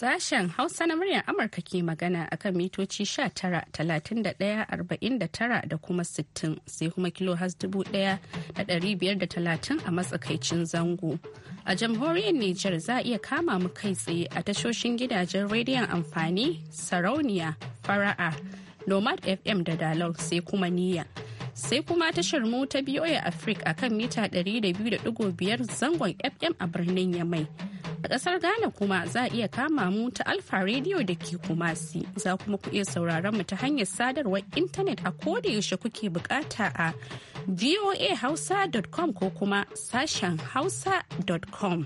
Sashen Hausa na muryar Amurka ke magana a kan mitoci 19,31,49 da kuma 60 sai kuma kilo has talatin a matsakaicin zango. A jamhuriyar Nijar za a iya kama mu kai tsaye a tashoshin gidajen rediyon amfani, sarauniya, fara'a, nomad FM da dalol sai kuma niyya. sai kuma tashar mu ta afrik a kan mita 200.5 zangon FM a birnin Yamai. A ƙasar Ghana kuma za a iya kama mu ta Alfa Radio da ke Kumasi. Za kuma ku iya sauraron mu ta hanyar sadarwar intanet a koda yaushe kuke bukata a voahausa.com ko kuma sashen hausa.com.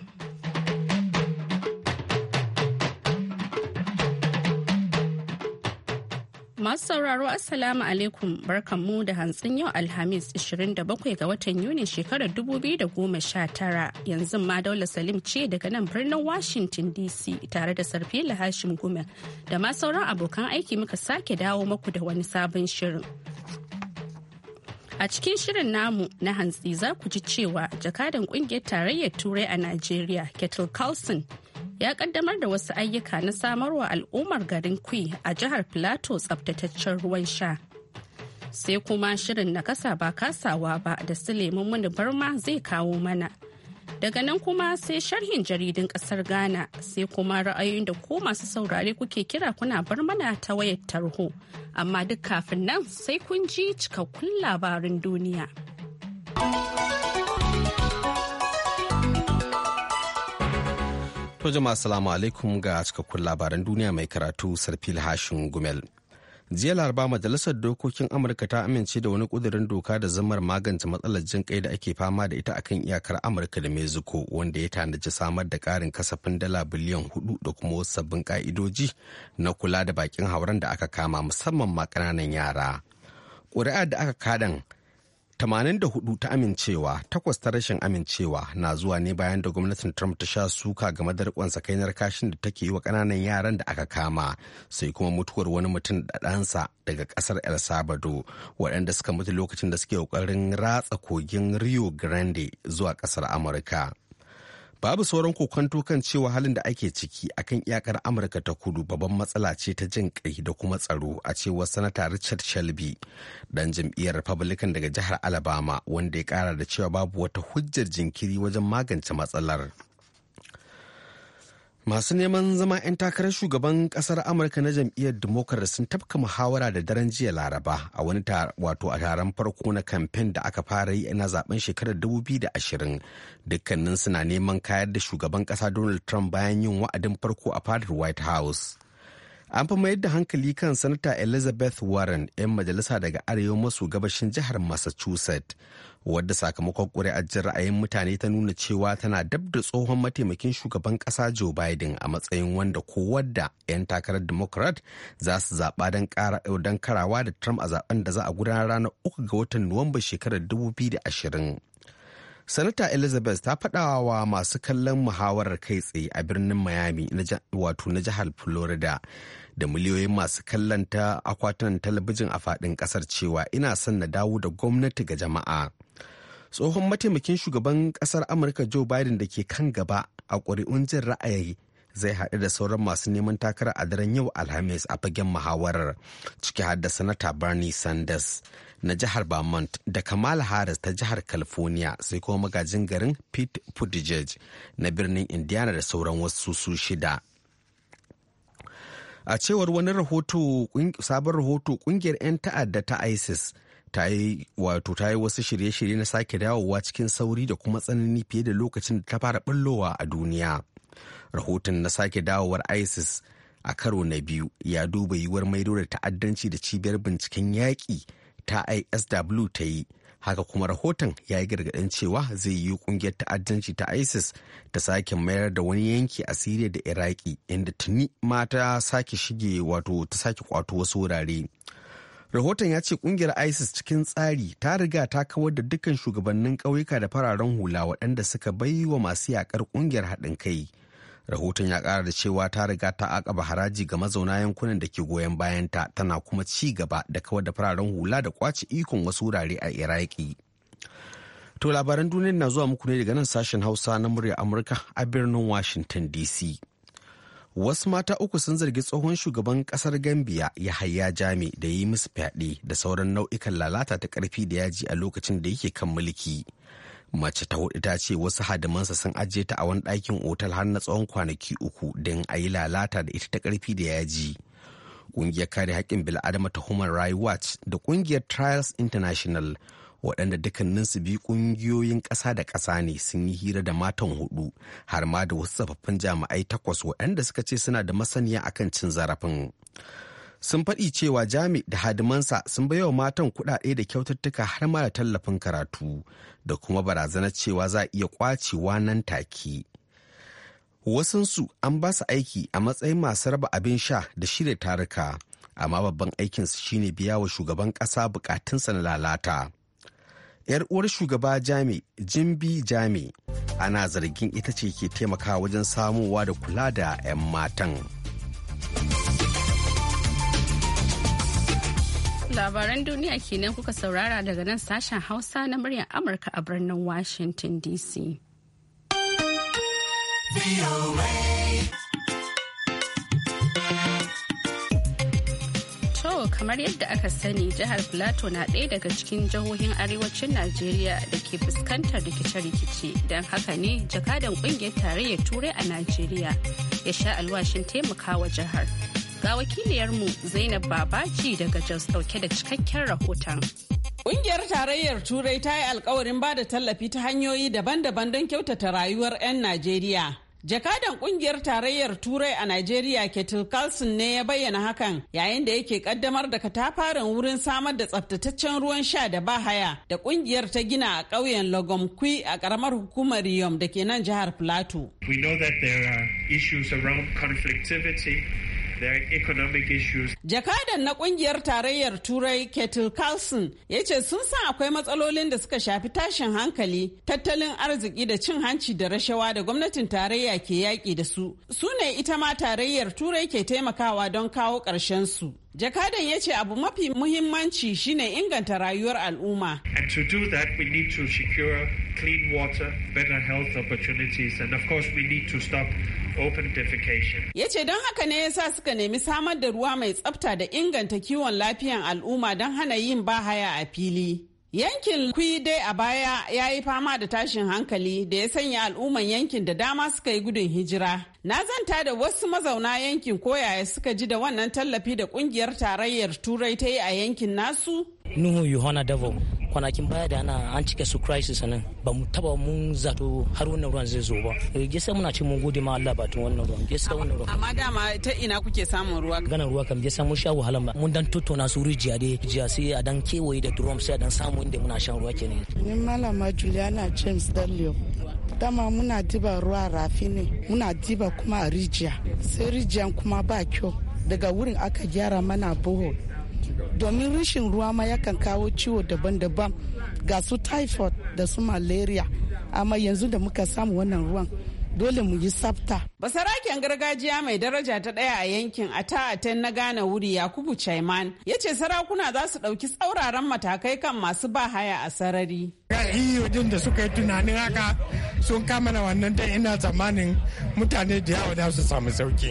Masu sauraro Assalamu alaikum barkanmu da hantsin yau Alhamis 27 ga watan Yuni shekarar 2019 yanzu ma Daula Salim ce daga nan birnin Washington DC tare da sarfi Hashim Gume da ma sauran abokan aiki muka sake dawo maku da wani sabon shirin. A cikin shirin namu na hantsi za ku ji cewa jakadan kungiyar tarayyar Turai a Najeriya, Ketil Carlson ya kaddamar da wasu ayyuka na samarwa al'ummar garin kwi a jihar plateau tsabtataccen ruwan sha sai kuma shirin na kasa ba kasawa ba da su lemun barma zai kawo mana daga nan kuma sai sharhin jaridun kasar ghana sai kuma ra'ayoyin da ko masu saurare kuke kira kuna bar mana ta wayar tarho amma duk kafin nan sai kun ji cikakkun labarin duniya. To jama'a salamu alaikum ga cikakkun labaran duniya mai karatu Sarfil Hashin Gumel. Jiya Laraba Majalisar Dokokin Amurka ta amince da wani ƙudurin doka da zammar magance matsalar jin kai da ake fama da ita akan iyakar Amurka da Mexico wanda ya tanaji samar da karin kasafin dala biliyan hudu da kuma wasu sabbin ƙa'idoji na kula da bakin hauren da aka kama musamman ma ƙananan yara. ƙuri'ar da aka kaɗan Tamanin da 84 ta amincewa takwas ta rashin amincewa na zuwa ne bayan da gwamnatin trump ta sha suka game da rikon sakainar kashin da take yi wa ƙananan yaran da aka kama sai kuma mutuwar wani mutum da ɗansa daga ƙasar el salvador waɗanda suka mutu lokacin da suke ƙoƙarin ratsa kogin rio grande zuwa ƙasar amurka babu sauran kokonto kan cewa halin da ake ciki akan iyakar amurka ta kudu babban matsala ce ta jin kai da kuma tsaro a cewar sanata richard shelby dan jam'iyyar republican daga jihar alabama wanda ya kara da cewa babu wata hujjar jinkiri wajen magance matsalar Masu neman zama 'yan takarar shugaban kasar Amurka na jam'iyyar Democrat sun tafka muhawara da daren jiya Laraba a wani wato a taron farko na kamfen da aka fara yi na zaben shekarar 2020. Dukkanin suna neman kayar da shugaban kasa Donald Trump bayan yin wa'adin farko a fadar White House. an fi mayar da hankali kan sanata elizabeth warren 'yan majalisa daga arewa maso gabashin jihar massachusetts wadda sakamakon ƙuri'ar jin ra'ayin mutane ta nuna cewa tana dab da tsohon mataimakin shugaban ƙasa joe biden a matsayin wanda ko wadda 'yan takarar democrat za su zaɓa don karawa da trump a zaben da za a gudanar ranar uku ga watan nuwamba shekarar 2020 sanata elizabeth ta faɗawa wa masu kallon muhawarar kai tsaye a birnin miami wato na jihar florida da miliyoyin masu kallon ta akwatunan talabijin a faɗin ƙasar cewa ina son na dawo da gwamnati ga jama'a tsohon mataimakin shugaban ƙasar amurka joe biden da ke kan gaba a ƙuri'un jin ra'ayi zai haɗu da sauran masu neman takara a daren yau alhamis a fagen muhawarar ciki har da sanata bernie sanders na jihar Vermont da Kamal Harris ta jihar California sai kuma magajin garin Pete Buttigieg na birnin Indiana da sauran wasu su shida. A cewar wani rahoto sabon rahoto kungiyar 'yan ta'adda ta ISIS ta yi wato ta yi wasu shirye-shirye na sake dawowa cikin sauri da kuma tsanani fiye da lokacin da ta fara ɓallowa a duniya. Rahoton na sake dawowar ISIS a karo na biyu ya duba yiwuwar maido da ta'addanci da cibiyar binciken yaƙi ta isw ta yi haka kuma rahoton ya yi gargaɗin cewa zai yi ƙungiyar ta'addanci ta isis ta sake mayar da wani yanki a siriya da iraki inda tuni ma ta sake shige wato ta sake kwato wasu wurare rahoton ya ce ƙungiyar isis cikin tsari ta riga ta kawar da dukkan shugabannin ƙauyuka da fararen hula waɗanda suka bai wa masu yaƙar ƙungiyar haɗin kai rahoton ya kara da cewa ta riga ta akaba haraji ga mazauna yankunan da ke goyon bayanta tana kuma ci gaba da kawar da fararen hula da kwace ikon wasu wurare a iraki to labaran duniya na zuwa muku ne daga nan sashen hausa na murya amurka a birnin washington dc wasu mata uku sun zargi tsohon shugaban kasar gambia ya hayya jami da yi musu fyaɗe da sauran nau'ikan lalata ta ƙarfi da yaji a lokacin da yake kan mulki mace ta hudu ta ce wasu hadimansa sun ajiye ta a wani ɗakin otal har na tsawon kwanaki uku don a yi lalata da ita ta karfi da yaji ƙungiyar kare haƙƙin bil'adama ta human rights watch da ƙungiyar trials international waɗanda dukkaninsu biyu ƙungiyoyin ƙasa da ƙasa ne sun yi hira da matan hudu har ma da wasu tsofaffin jami'ai takwas waɗanda suka ce suna da masaniya akan cin zarafin sun faɗi cewa jami da hadimansa sun bayo matan kuɗaɗe da kyaututtuka har ma da tallafin karatu da kuma barazanar cewa za a iya kwacewa nan take wasansu an ba su aiki a matsayin masu raba abin sha da shirya taruka amma babban aikinsu shine biya wa shugaban ƙasa bukatunsa na lalata yar uwar shugaba jami jimbi jami ana zargin ita ce ke taimakawa wajen samowa da kula da 'yan matan. Labaran duniya kenan kuka saurara daga nan sashen Hausa na muryar Amurka a birnin Washington DC. To kamar yadda aka sani jihar Plateau na ɗaya daga cikin jihohin arewacin Najeriya da ke fuskantar rikice-rikice don haka ne jakadan ƙungiyar tarayyar turai a Najeriya ya sha alwashin wa jihar. Ga wakiliyarmu Zainab Babaji daga Jos dauke da cikakken rahoton. kungiyar Tarayyar Turai ta yi alkawarin ba da tallafi ta hanyoyi daban-daban don kyautata rayuwar 'yan Najeriya. Jakadan kungiyar tarayyar Turai a Najeriya Ketil Carlson ne ya bayyana hakan yayin da yake kaddamar da katafaren wurin samar da tsaftataccen ruwan sha da bahaya da kungiyar ta gina a ƙauyen Logomkwi a ƙaramar hukumar Yom da ke nan jihar Plateau. We know that there are issues around conflictivity economic Jakadan na kungiyar tarayyar Turai Ketil Carlson ya ce sun san akwai matsalolin da suka shafi tashin hankali, tattalin arziki da cin hanci da rashawa da gwamnatin tarayya ke yaƙi da su. Su ne ita ma tarayyar Turai ke taimakawa don kawo ƙarshen su. Jakadan ya ce abu mafi muhimmanci shine inganta rayuwar al'umma. And to do that we need to secure clean water, better health opportunities and of course we need to stop open defecation. Ya ce don haka ne yasa suka nemi samar da ruwa mai tsafta da inganta kiwon lafiyan al'umma don hana yin bahaya a fili. Yankin kui dai a baya ya yi fama da tashin hankali da ya sanya al'umman yankin da dama suka yi gudun hijira. Na zanta da wasu mazauna yankin koyaya suka ji da wannan tallafi da kungiyar tarayyar Turai ta yi a yankin nasu. Nuhu Yohana Davo kwanakin baya da ana an cike su crisis nan ba mu taba mun zato har wannan ruwan zai zo ba eh, gaskiya muna ce mun gode ma Allah ba tun wannan ruwan gaskiya wannan ruwan amma dama ta ina kuke samun ruwa ganin ruwa kam gaskiya mun sha wahala ba mun dan tottona su rijiya dai rijiya sai a dan kewaye da drum sai a dan samu inda muna shan ruwa kenan ni malama Juliana James Dalio dama muna diba ruwa rafi ne muna diba kuma a rijiya sai rijiyan kuma ba kyau daga wurin aka gyara mana boho domin rashin ruwa ma yakan kawo ciwo daban-daban ga su typhoid da su malaria amma yanzu da muka samu wannan ruwan dole mu yi tsafta. Basaraken gargajiya mai daraja ta ɗaya a yankin a aten na gane wuri Yakubu Chaiman ya ce sarakuna za su ɗauki tsauraran matakai kan masu ba haya a sarari. Iyodin da suka yi tunanin haka sun kamana wannan ta ina tsammanin mutane da yawa za su samu sauki.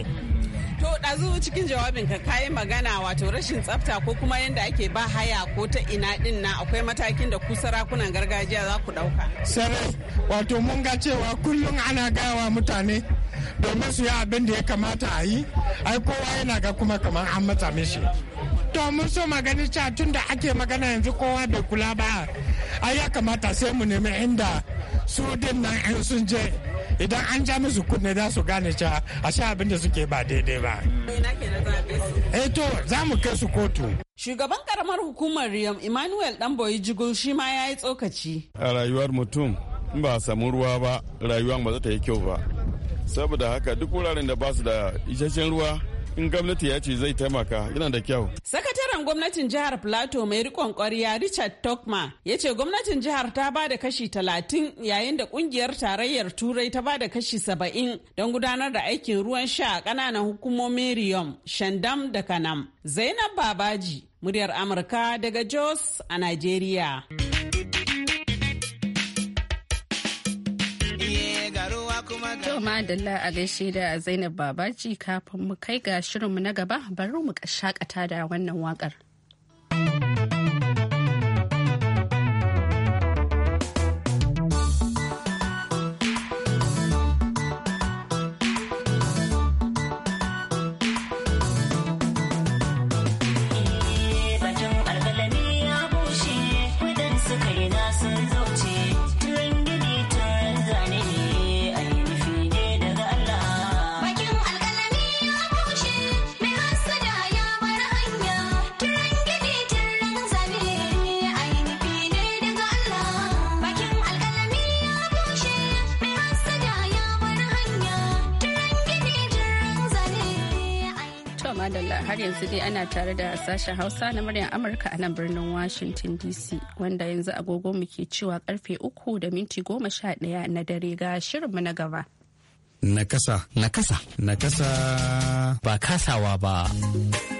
To ɗazu cikin jawabin ka kayi magana wato rashin tsafta ko kuma yadda ake ba haya ko ta ina din na akwai matakin da ku sarakunan gargajiya za ku ɗauka. Sarai wato mun ga cewa kullum ana gawa mutane domin su yi abin da ya kamata a yi ai kowa yana ga kuma kamar an mata mishi. to mun so magani ca tun da ake magana yanzu kowa bai kula ba a ya kamata sai mu nemi inda su din nan in sun je idan an ja musu kunne za su gane cewa a sha abin da suke ba daidai ba. Eh to za mu kai su kotu. Shugaban karamar hukumar Riyam Emmanuel boyi Jigul shi ma ya yi tsokaci. A rayuwar mutum in ba samu ruwa ba rayuwar ba za ta yi kyau ba. Saboda haka duk wuraren da ba su da isasshen ruwa in gwamnati ya ce zai taimaka yana da kyau. Sakataren gwamnatin jihar Plateau mai rikon kwarya Richard Tokma ya ce gwamnatin jihar ta ba da kashi talatin yayin da ƙungiyar tarayyar Turai ta ba da kashi saba'in don gudanar da aikin ruwan sha a ƙananan hukumomin Riyom, Shandam da Kanam. Zainab Babaji, muryar Amurka daga Jos a Najeriya. kuma dalla a gaishe da Zainab Babaji kafin mu kai ga shirinmu na gaba bari mu shakata da wannan waƙar. har yanzu dai ana tare da sashen Hausa na muryar Amurka a nan birnin Washington DC wanda yanzu agogo ke cewa karfe uku da minti goma sha ɗaya na dare ga shirinmu na gaba. Nakasa. Nakasa. Nakasa. Ba kasawa ba.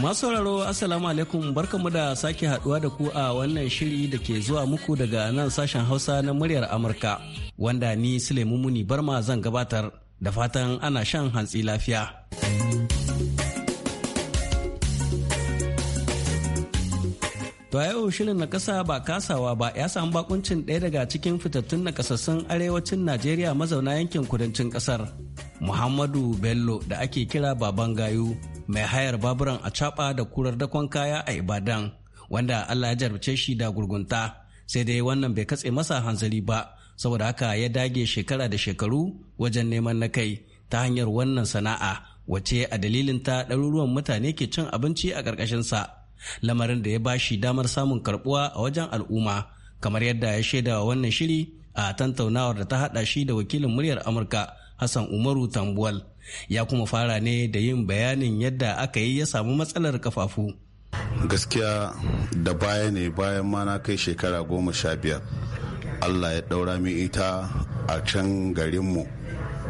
Masu sauraro Assalamu alaikum barkamu da sake haduwa da ku a wannan shiri da ke zuwa muku daga nan sashen Hausa na muryar Amurka wanda ni Suleiman Muni Barma zan gabatar da fatan ana shan hantsi lafiya. To a yau shirin na kasa ba kasawa ba ya samu bakuncin ɗaya daga cikin fitattun na kasassun arewacin Najeriya mazauna yankin kudancin kasar. Muhammadu Bello da ake kira Baban Gayu mai hayar baburan a caɓa da kurar dakon kaya a ibadan wanda allah ya jarabce shi da gurgunta sai dai wannan bai katse masa hanzari ba saboda haka ya dage shekara da shekaru wajen neman na kai ta hanyar wannan sana'a wace a dalilin ta ɗaruruwan mutane ke cin abinci a ƙarƙashinsa lamarin da ya ba shi damar samun karbuwa a wajen al'umma kamar yadda ya shaida wannan shiri a tantaunawar da ta hada shi da wakilin muryar amurka hassan umaru tambuwal ya kuma fara ne da yin bayanin yadda aka yi ya samu matsalar kafafu gaskiya da baya ne bayan ma na kai shekara goma sha biyar allah ya daura min ita a can garinmu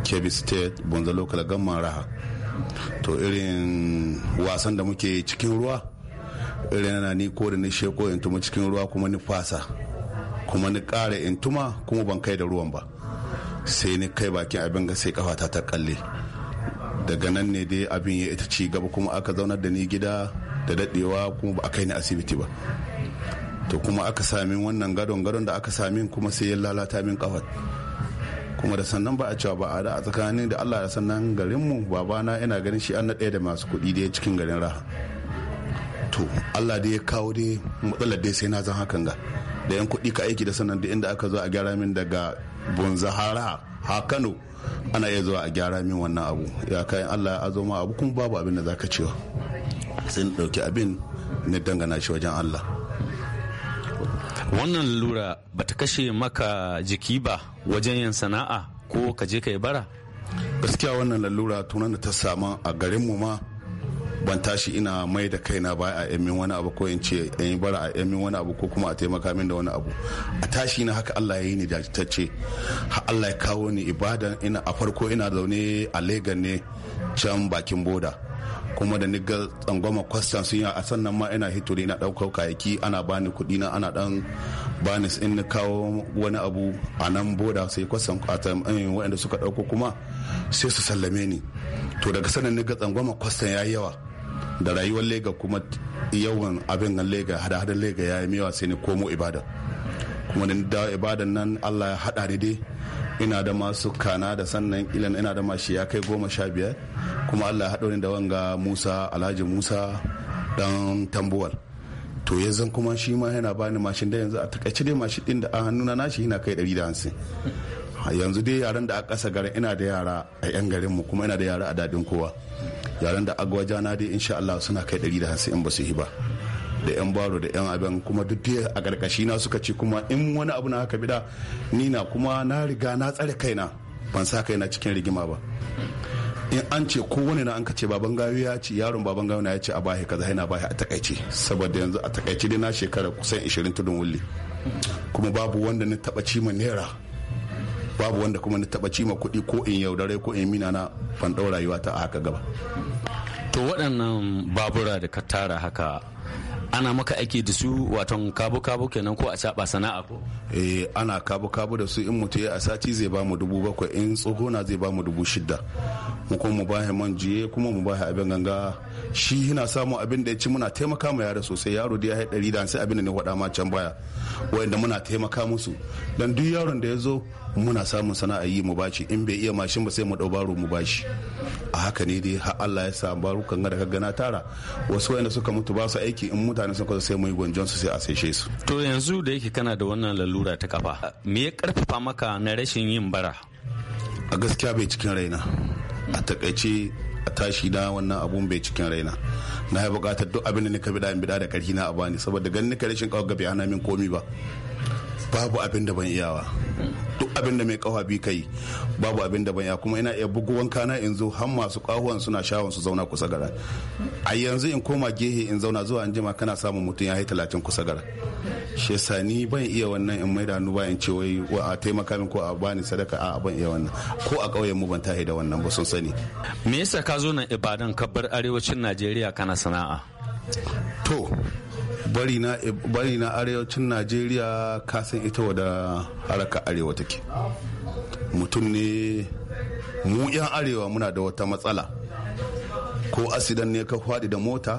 kebbi state bunza local gamman raha to irin wasan da muke cikin ruwa irin na ni ko da ni sheko in cikin ruwa kuma ni fasa kuma ni ƙara in tuma kuma ban kai da ruwan ba sai ni kai bakin abin ga sai kafata ta kalle daga nan ne dai abin ya ita ci gaba kuma aka zaunar da ni gida da daɗewa kuma ba a kai ni asibiti ba to kuma aka sami wannan gadon gadon da aka sami kuma sai ya lalata min kafat kuma da sannan ba a cewa ba a da a tsakanin da Allah ya sannan garinmu babana ina ganin shi an na da masu kuɗi da cikin garin raha to allah da ya kawo dai matsalar dai sai na zan hakan ga da yan kuɗi ka aiki da sanan da inda aka zo a gyara min daga bonzahara ha kano ana iya zuwa a gyara min wannan abu ya kayan allah ya ma abu kuma babu abin da zaka cewa sai na ɗauki abin na dangana shi wajen allah wannan lura ba ta kashe maka jiki ba wajen yin sana'a ko ka je ka yi bara gaskiya wannan lalura tunan da ta samu a garinmu ma ban tashi ina mai da kaina ba a yamin wani abu ko in ce in bara a yamin wani abu ko kuma a taimaka min da wani abu a tashi na haka Allah ya yi ni jajitacce Ha Allah ya kawo ni ibada ina a farko ina zaune a Legan ne can bakin boda kuma da niga tsangwama kwastan sun yi a sannan ma ina hitori na ɗaukar kayaki ana bani kuɗi na ana dan bani in na kawo wani abu a nan boda sai kwastan a eh, waɗanda suka ɗauko kuma sai su sallame ni to daga sanin niga tsangwama kwastan ya yi yawa da rayuwar lega kuma yawan abin nan lega hada-hadar lega ya yi mewa sai ni komo ibada kuma da dawo ibadan nan allah ya hada ni dai ina da masu kana da sannan ilan ina da mashi ya kai goma sha biyar kuma allah ya haɗo ni da wanga musa alhaji musa dan tambuwal to yanzu kuma shi ma yana bani mashin da yanzu a takaice dai mashi din da a hannuna nashi yana kai da hansi yanzu dai yaran da a ƙasa garin ina da yara a 'yan garinmu kuma ina da yara a daɗin kowa yaran da agwaja na dai insha Allah suna kai 150 in ba su yi ba da yan baro da yan abin kuma duk da a karkashi na suka ce kuma in wani abu na haka bida ni na kuma na riga na tsare kaina ban sa kaina cikin rigima ba in an ce ko wani na an ka ce baban gawi ya ce yaron baban gawi na ya ce a bahi kaza yana bahi a takaice saboda yanzu a takaice dai na shekara kusan 20 tudun wulli kuma babu wanda na taba cima naira babu wanda kuma na taba cima kuɗi ko in yaudare ko in mina na fanɗau rayuwa ta a haka gaba to waɗannan babura da ka tara haka ana maka aiki da su watan kabu-kabu kenan ko a caɓa sana'a ko? Eh ana kabu-kabu da su in mutu a sati zai ba mu dubu bakwai in na zai ba mu dubu shida. Mu kuma mu bahe man jiye kuma mu bahe abin ganga shi yana samun abin da ya ci muna taimaka ma yara sosai yaro da ya haɗa ɗari da sai abin da ne faɗa ma can baya wanda muna taimaka musu dan duk yaron da ya zo muna samun sana'a yi mu bashi in bai iya mashin ba sai mu ɗau baro mu bashi a haka ne dai har Allah ya sa barukan ga daga gana tara wasu wanda suka mutu ba su aiki aiki in mutane sun kusa sai mu yi gwanjon su sai a sai su to yanzu da yake kana da wannan lalura ta kafa me ya karfafa maka na rashin yin bara a gaskiya bai cikin raina a takaice a tashi na wannan abun bai cikin raina na yi bukatar duk abin da nika bida in bida da karfi na a bani saboda ganin nika rashin kawo gabe hana min komi ba babu abin da ban iyawa duk abin da mai kawa bi kai babu abin da ban iya kuma ina iya bugu wanka na yanzu har masu kahuwan suna shawon su zauna kusa gara a yanzu in koma gehe in zauna zuwa an jima kana samun mutum ya yi talatin kusa gara shi yasa ni ban iya wannan in mai da hannu ba in ce wai a taimaka min ko a bani sadaka a ban iya wannan ko a ƙauyen mu ban tahi da wannan ba sun sani me yasa ka zo nan ibadan kabbar arewacin najeriya kana sana'a to bari na arewacin najeriya kasan ita wada haraka arewa take mutum ne mu 'yan arewa muna da wata matsala ko asidan ne ka faɗi da mota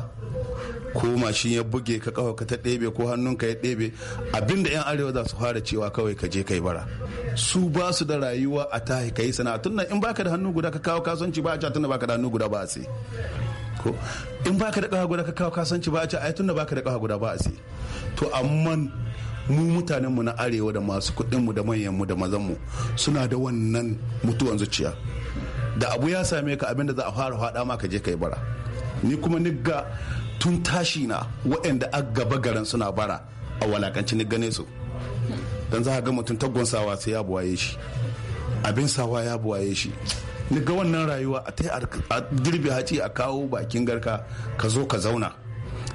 ko mashin ya buge ka kawo ka ta ɗebe ko hannunka ya ɗebe abinda 'yan arewa za su fara cewa kawai ka je kai bara su ba su da rayuwa a tahi ka yi sana'a tunan in baka da hannu guda ka kawo kasuwanci ba a tunan baka da hannu guda ba a sai ko in baka da kafa guda ka kawo kasanci ba a ce ai tunda baka da kafa guda ba a sai to amma mu mutanen mu na arewa da masu kuɗin mu da manyan mu da mazan mu suna da wannan mutuwan zuciya da abu ya same ka abinda za a fara faɗa ma ka je kai bara ni kuma nigga tun tashi na waɗanda a gaba garan suna bara a walakanci ni gane su dan za ga mutum taggon sawa sai ya buwaye shi abin sawa ya buwaye shi daga wannan rayuwa a ta a girbe haci a kawo bakin garka ka zo ka zauna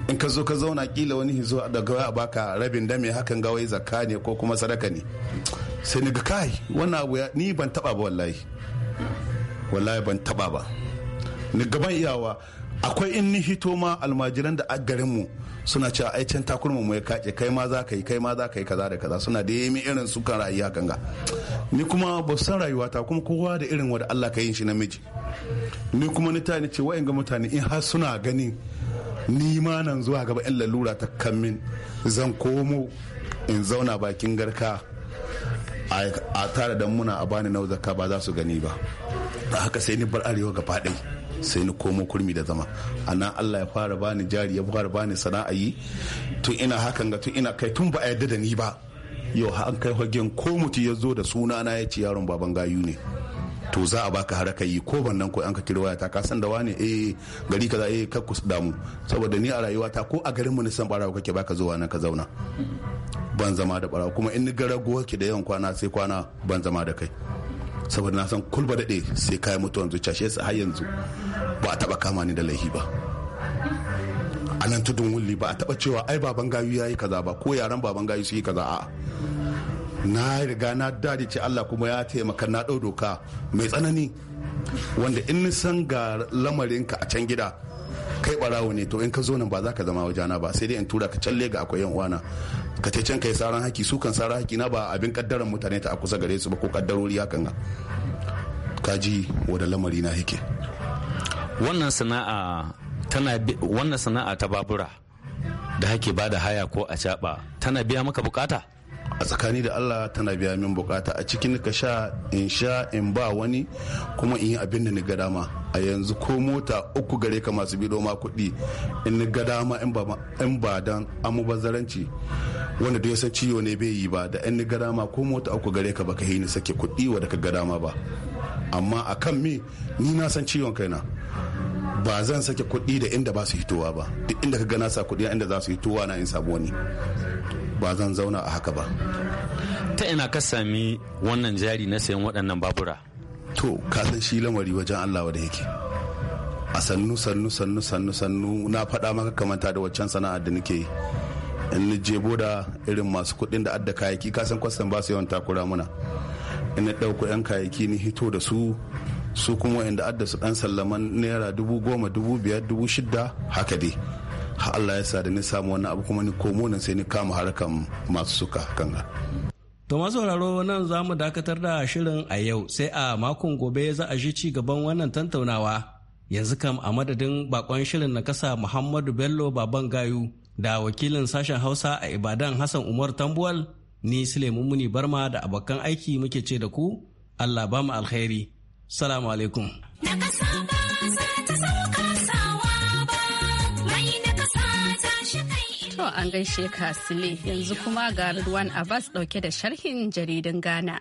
in ka zo ka zauna kila wani hizo daga a baka rabin da mai hakan gawa zakka ne ko kuma sadaka ne sai ni ga kai wannan abu ni ban taba ba wallahi wallahi ban taba ba ni gaban iyawa akwai in ni hito ma almajiran da a garin mu suna cewa ai can takurma mu ya kace kai ma za ka yi kai ma za ka yi kaza da kaza suna da yemi irin su kan rayuwa ganga ni kuma ba san rayuwata kuma kowa da irin wanda Allah ka yin shi namiji ni kuma ni tani ce wayan ga mutane in har suna gani ni ma nan zuwa gaba in lalura ta kammin zan komo in zauna bakin garka a tare da muna a bani na ba za su gani ba haka sai ni bar arewa gaba ɗaya sai ni komo kurmi da zama a nan allah ya fara bani jari ya fara bani sana'a yi tun ina hakan ga tun ina kai tun ba a yarda da ni ba yau an kai hagen ko mutu ya zo da suna na ya ce yaron baban gayu ne to za a baka haraka yi ko ban nan ko an ka kirwa ta ta kasan da wani eh gari kaza eh kakku damu saboda ni a rayuwata ko a garin mu ne san barawo kake baka zuwa nan ka zauna ban zama da barawo kuma in ni garago kake da yawan kwana sai kwana ban zama da kai saboda na san kulba daɗe sai kayan wanzu cashe su har yanzu ba a taɓa kama ni da laifi ba a nan tudun wulli ba a taɓa cewa ai baban gayu ya yi kaza ba ko yaran baban gayu su yi kaza a na riga na ce Allah kuma ya taimaka na ɗau doka mai tsanani wanda in san ga lamarinka a can gida kai barawo ne to in ka zo nan ba za ka zama wajena ba sai dai in tura ka calle ga akwai yan uwana ka ce can kai saran haki su kan saran haki na ba abin kaddaran mutane ta a kusa gare su ba ko kaddarori hakan ga kaji wada lamari na yake wannan sana'a wannan sana'a ta babura da hake bada haya ko a tana biya maka bukata a tsakani da allah tana biya min bukata a cikin ka sha in sha in ba wani kuma in yi abin da ni ga dama a yanzu ko mota uku gare ka masu bido ma kuɗi in ni ga dama in ba dan bazaranci wanda da ya san ciwo ne bai yi ba da in ni ga dama ko mota uku gare ka baka yi ni sake kuɗi wa da ka ga dama ba amma a kan me ni na san ciwon kaina ba zan sake kuɗi da inda ba su hitowa ba duk inda ka gana sa kuɗi inda za su hitowa na in samu wani ba zan zauna a haka ba ta ina ka sami wannan jari na sayan waɗannan babura to ka shi lamari wajen allah da yake a sannu sannu sannu sannu sannu na faɗa maka kamanta da waccan sana'ar da nake yi in ni je boda irin masu kuɗin da adda kayaki kasan kwastan ba su yawan takura muna in ni ɗauko 'yan kayaki ni hito da su su kuma inda adda su ɗan sallaman naira dubu goma dubu biyar dubu shidda haka dai har Allah ya sa da ni samu wannan abu kuma ni komo nan sai ni kama harkan masu suka kanga To masu sauraro nan za mu dakatar da shirin a yau sai a makon gobe za a ji ci gaban wannan tantaunawa. Yanzu kam a madadin bakon shirin na kasa Muhammadu Bello Baban Gayu da wakilin sashen Hausa a Ibadan Hassan Umar Tambuwal ni Suleiman Muni Barma da abokan aiki muke ce da ku Allah ba mu alkhairi. Salamu alaikum. Na kasa ba an gaishe ka yanzu kuma ga Ridwan Abbas dauke da sharhin jaridun Ghana.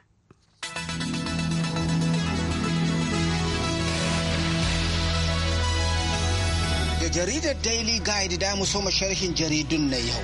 Da jaridar Daily Guide da mu soma sharhin jaridun na yau.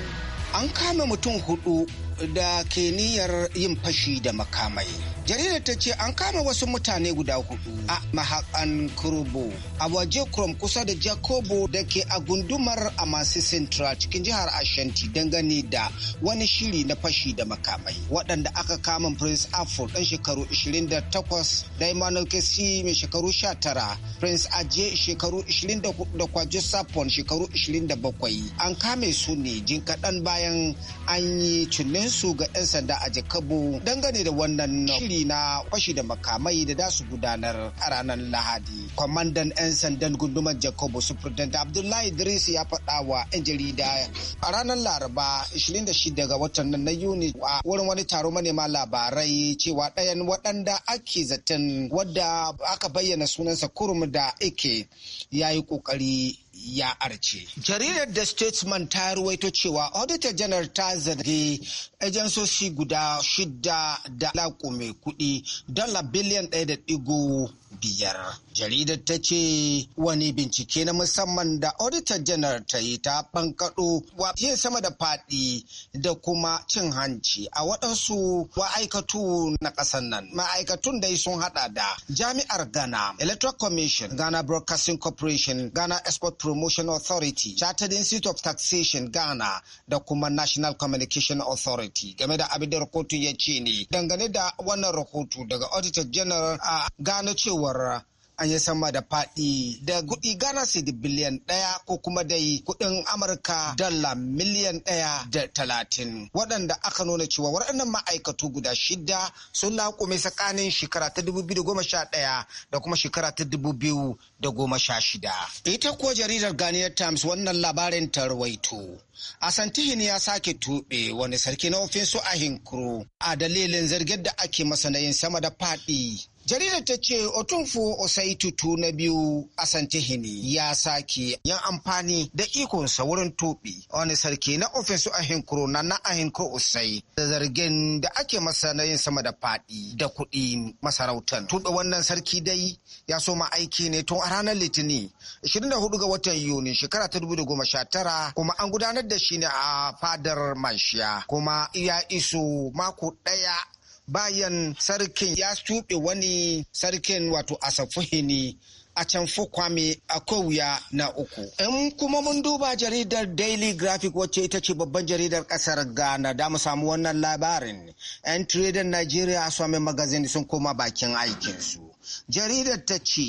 An kama mutum hudu da ke niyyar yin fashi da makamai. Jaridar ta ce an kama wasu mutane guda hudu a mahakan kurbo a waje krom kusa da Jacobo da ke a gundumar a masu Central cikin jihar Ashanti dangane da wani shiri na fashi da makamai. Waɗanda aka kama Prince Afro ɗan shekaru 28 da Emmanuel Kesi mai shekaru 19, Prince Aje shekaru 24 da Kwajo Sapon shekaru 27. An kame su ne jin kaɗan bayan an yi cunin. su ga 'yan sanda a jakabu dangane da wannan shiri na fashi da makamai da dasu gudanar a ranar Lahadi. Kwamandan 'yan sandan gundumar jakabu Sufurdanta Abdullahi Idris ya faɗa wa 'yan jarida a ranar Laraba 26 ga watan nan na Yuni a wurin wani taro manema labarai cewa ɗayan waɗanda ake zaton wadda aka bayyana sunansa kurum da ake ya yi ƙoƙari ya arce. Jaridar da Statesman ta ruwaito cewa Auditor General ta zargi ejansoshi guda shida da alaƙo mai kuɗi dala biliyan ɗaya da ɗigo biyar. Jaridar ta ce wani bincike na musamman da Auditor General ta yi ta bankaɗo wa sama da faɗi da kuma cin hanci a waɗansu ma'aikatu na ƙasar nan. Ma'aikatun dai sun haɗa da Jami'ar Ghana, Electoral Commission, Ghana Broadcasting Corporation, Ghana Export Promotion Authority, Chartered Institute of Taxation Ghana da kuma National Communication Authority game da abin da rahoton ya ce ne dangane da wannan rahoto daga Auditor General a gano cewar an yi sama da faɗi da gana sai da biliyan ɗaya ko kuma dai kuɗin Amurka dala miliyan ɗaya da talatin. Waɗanda aka nuna cewa waɗannan ma'aikatu guda shida sun laƙume tsakanin shekara ta dubu biyu da goma sha ɗaya da kuma shekara ta dubu biyu da goma sha shida. Ita kuwa jaridar Ghanaian Times wannan labarin ta rawaito. Asantihin ya sake tuɓe wani sarki na ofin su a Hinkuru a dalilin zargin da ake masa yin sama da faɗi. jaridar ta ce otunfu tutu na biyu a asantehini ya sake yin amfani da ikonsa wurin tuɓi wani sarki na ofis ahinkuro na na ahinkuro Osei da zargin da ake masa na yin sama da faɗi da kuɗi masarautar tuɓe wannan sarki dai ya so ma aiki ne tun a ranar litinin 24 ga watan yuni shekara ta tara. kuma an gudanar da shi ne a fadar manshiya kuma ya iso mako ɗaya bayan sarkin ya tuɓe wani sarkin wato ne a can kwame a kowuya na uku. In kuma mun duba jaridar Daily Graphic wacce ita ce babban jaridar ƙasar Ghana da mu samu wannan labarin. 'Yan tiredar nigeria Swami Magazine sun koma bakin aikinsu. jaridar ta ce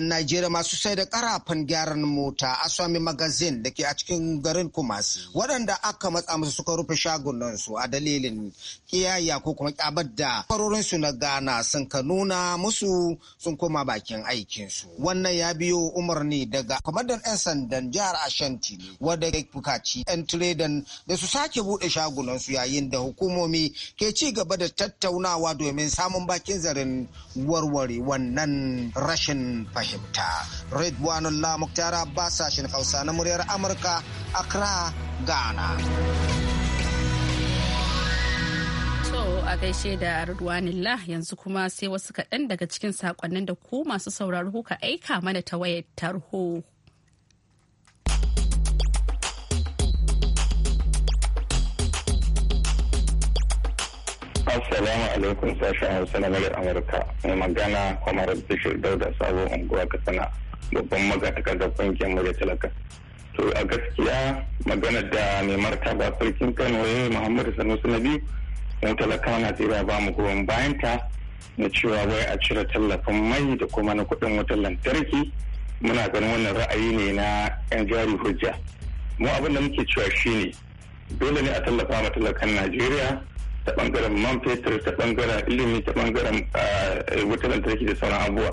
najeriya masu sai da karafan gyaran mota aswami magazin da ke a cikin garin kumasi waɗanda aka matsa musu suka rufe shagunansu a dalilin kiyaya ko kuma kyabar da farorinsu na ghana sun ka nuna musu sun koma bakin aikinsu wannan ya biyo umarni daga kwamandan 'yan sandan jihar ashanti wadda ya bukaci 'yan tiredan da su sake buɗe shagunansu yayin da hukumomi ke ci gaba da tattaunawa domin samun bakin zarin warwarewa wannan rashin fahimta. Ridwanullah muktara ba sashen Hausa na muryar Amurka, Accra, Ghana. a gaishe da Ridwanillah yanzu kuma sai wasu kaɗan daga cikin saƙonnin da ku masu sauraro ka aika mana ta wayar tarho. Assalamu alaikum sashen Hausa na Amurka. Mai magana Kwamar Bishir Dauda Sabo Unguwa Katsina babban da kungiyar mada Talaka. To a gaskiya magana da mai martaba sarkin Kano ya eh, yi Muhammadu Sanusi na biyu talaka na tsira ba mu goyon bayan ta na cewa wai a cire tallafin mai da kuma na kuɗin wutar lantarki muna ganin wannan ra'ayi ne na 'yan jari hujja. Mu abin da muke cewa shine dole ne a tallafa ma talakan Najeriya ta bangaren man fetur ta bangaren ilimi ta bangaren eh, wutar lantarki da sauran abubuwa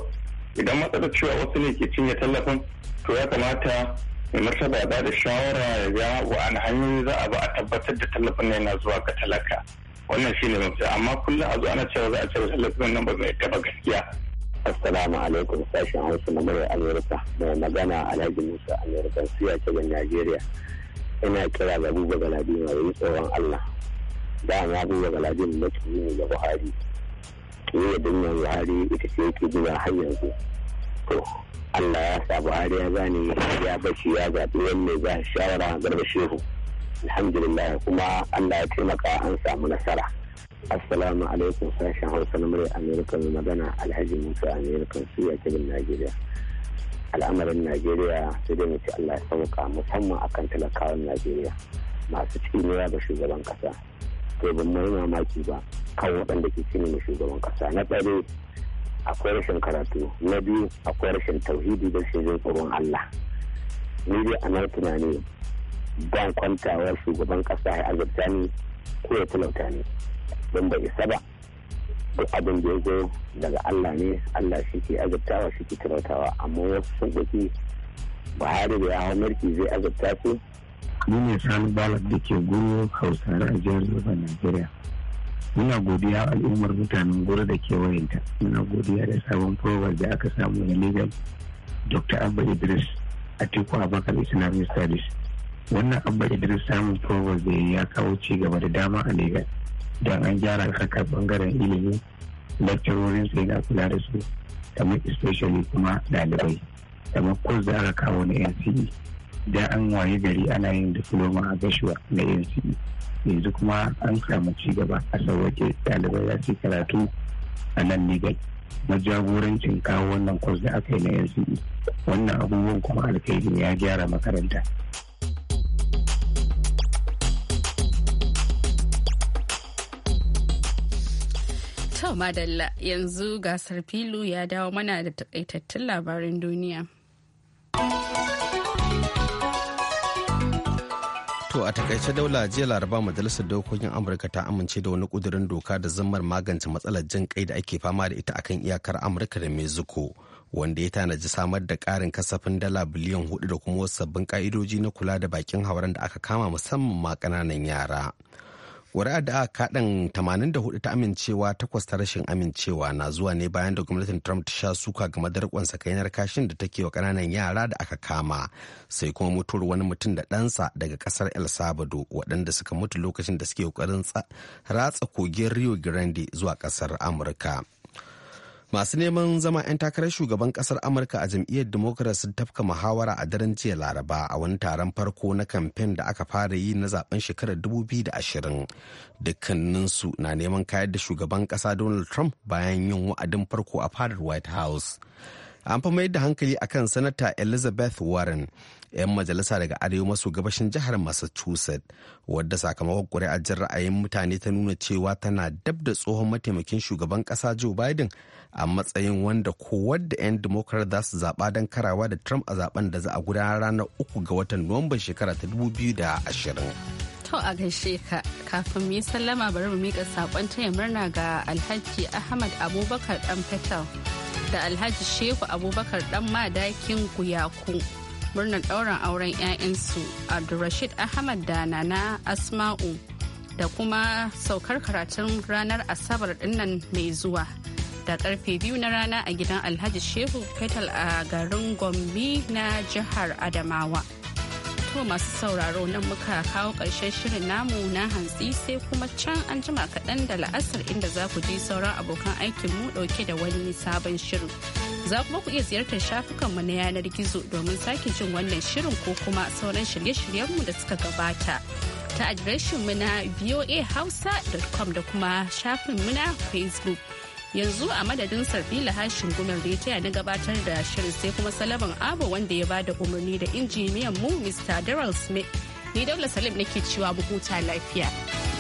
idan matsalar cewa wasu ne ke cinye tallafin to ya kamata mai martaba ba da shawara ya ga wa'an hanyoyi za a ba a tabbatar da tallafin ne yana zuwa ga talaka wannan shine mafita amma kullum a zo ana cewa za a cewa tallafin nan ba zai taba gaskiya Assalamu alaikum sashen Hausa na murar Amurka mai magana Alhaji Musa Amurkan siya Kegan Najeriya. Ina kira ga Buba Galadima ya yi tsoron Allah da na goya galadin na ne da buhari ne da duniyar buhari ita ce yake gina har yanzu to allah ya sa buhari ya gane ya bashi ya zaɓi wanne za shawara garba shehu alhamdulillah kuma allah ya taimaka an samu nasara assalamu alaikum sashen hausa na murya amerika mai magana alhaji musa amerika suya kebin najeriya al'amarin najeriya sai dai mace allah ya sauka musamman akan talakawan najeriya masu cikin ga shugaban kasa to ban mai mamaki ba kan waɗanda ke cin shugaban ƙasa na tsare akwai rashin karatu na biyu akwai rashin tauhidi da shirin tsoron Allah ni dai a nan tunani ban kwantawa shugaban ƙasa ya azabta ni ko ya talauta ni don bai isa ba duk abin da ya zo daga Allah ne Allah shi ke azabtawa shi ke talautawa amma wasu sun ɗauki Buhari da ya hau mulki zai azabta su ni ne sani balak da ke guru hausare a jihar zuba Najeriya muna godiya al'ummar mutanen guru da kewayenta muna godiya da sabon probar da aka samu na legal dr abba idris a teku bakar islamic studies wannan abba idris samun probar da ya kawo ci gaba da dama a legal don an gyara harkar bangaren ilimi lecturorin sai na kula da su kamar especially kuma ɗalibai kamar kurs da aka kawo na NCD. E. da an waye gari ana yin diploma a gashuwa na yanzu e. yanzu kuma an samu ci gaba a sauwake ɗalibai za su karatu a nan gai na jagorancin kawo wannan kwas da aka yi na yanzu e. wannan abubuwan kuma alkhairin ya gyara makaranta To madalla yanzu gasar filu ya dawo mana da takaitattun labarin duniya. To a takaice daula jiya laraba majalisar dokokin Amurka ta amince da wani kudurin doka da zammar magance matsalar jin kai da ake fama da ita akan iyakar Amurka da Mexico wanda ya tanaji samar da ƙarin kasafin dala biliyan hudu da kuma wasu sabbin ka'idoji na kula da bakin hauren da aka kama musamman ma kananan yara. wari da aka kaɗan 84 ta amincewa takwas ta rashin amincewa na zuwa ne bayan da gwamnatin Trump ta sha suka game da riƙon sakainar kashin da take wa ƙananan yara da aka kama sai kuma mutuwar wani mutum da ɗansa daga ƙasar El Salvador waɗanda suka mutu lokacin da suke ƙoƙarin ratsa kogin Rio Grande zuwa ƙasar Amurka. masu neman zama 'yan takarar shugaban kasar amurka a jam'iyyar democrat sun tafka muhawara a daren jiya laraba a wani taron farko na kamfen da aka fara yi na zaben shekarar 2020 dukkaninsu na neman kayar da shugaban kasa donald trump bayan yin wa'adin farko a fadar white house an fi mayar da hankali akan sanata elizabeth warren 'yan majalisa daga arewa maso gabashin jihar massachusetts wadda sakamakon a jin ra'ayin mutane ta nuna cewa tana dab da tsohon mataimakin shugaban kasa joe biden a matsayin wanda ko wadda 'yan democrat za su zaba don karawa da trump a zaben da za a gudanar ranar uku ga watan nuwamban shekara ta 2020 to a gaishe ka kafin mu yi sallama bari mu miƙa saƙon taya murna ga alhaji ahmad abubakar dan fetal da alhaji shehu abubakar dan madakin guyaku murnar ɗaurin auren 'ya'yansu abdulrashid ahmad da nana asma'u da kuma saukar karatun ranar asabar dinnan mai zuwa da karfe biyu na rana a gidan alhaji shehu ketal a garin gombe na jihar adamawa. To masu sauraro nan muka kawo ƙarshen shirin namu na hantsi sai kuma can an jima kaɗan da la'asar inda za ku ji sauran abokan aikin mu ɗauke da wani sabon shirin. Za kuma ku iya ziyartar shafukanmu na yanar gizo domin sake jin wannan shirin ko kuma sauran shirye-shiryenmu da suka gabata. Ta adireshinmu na voahausa.com da kuma shafinmu na Facebook. yanzu a madadin sabila hashin gumel da ya na gabatar da shirin sai kuma salaman abu wanda ya bada umarni da injiniyan mu mr daryl smith ni daula salim nake cewa bukuta lafiya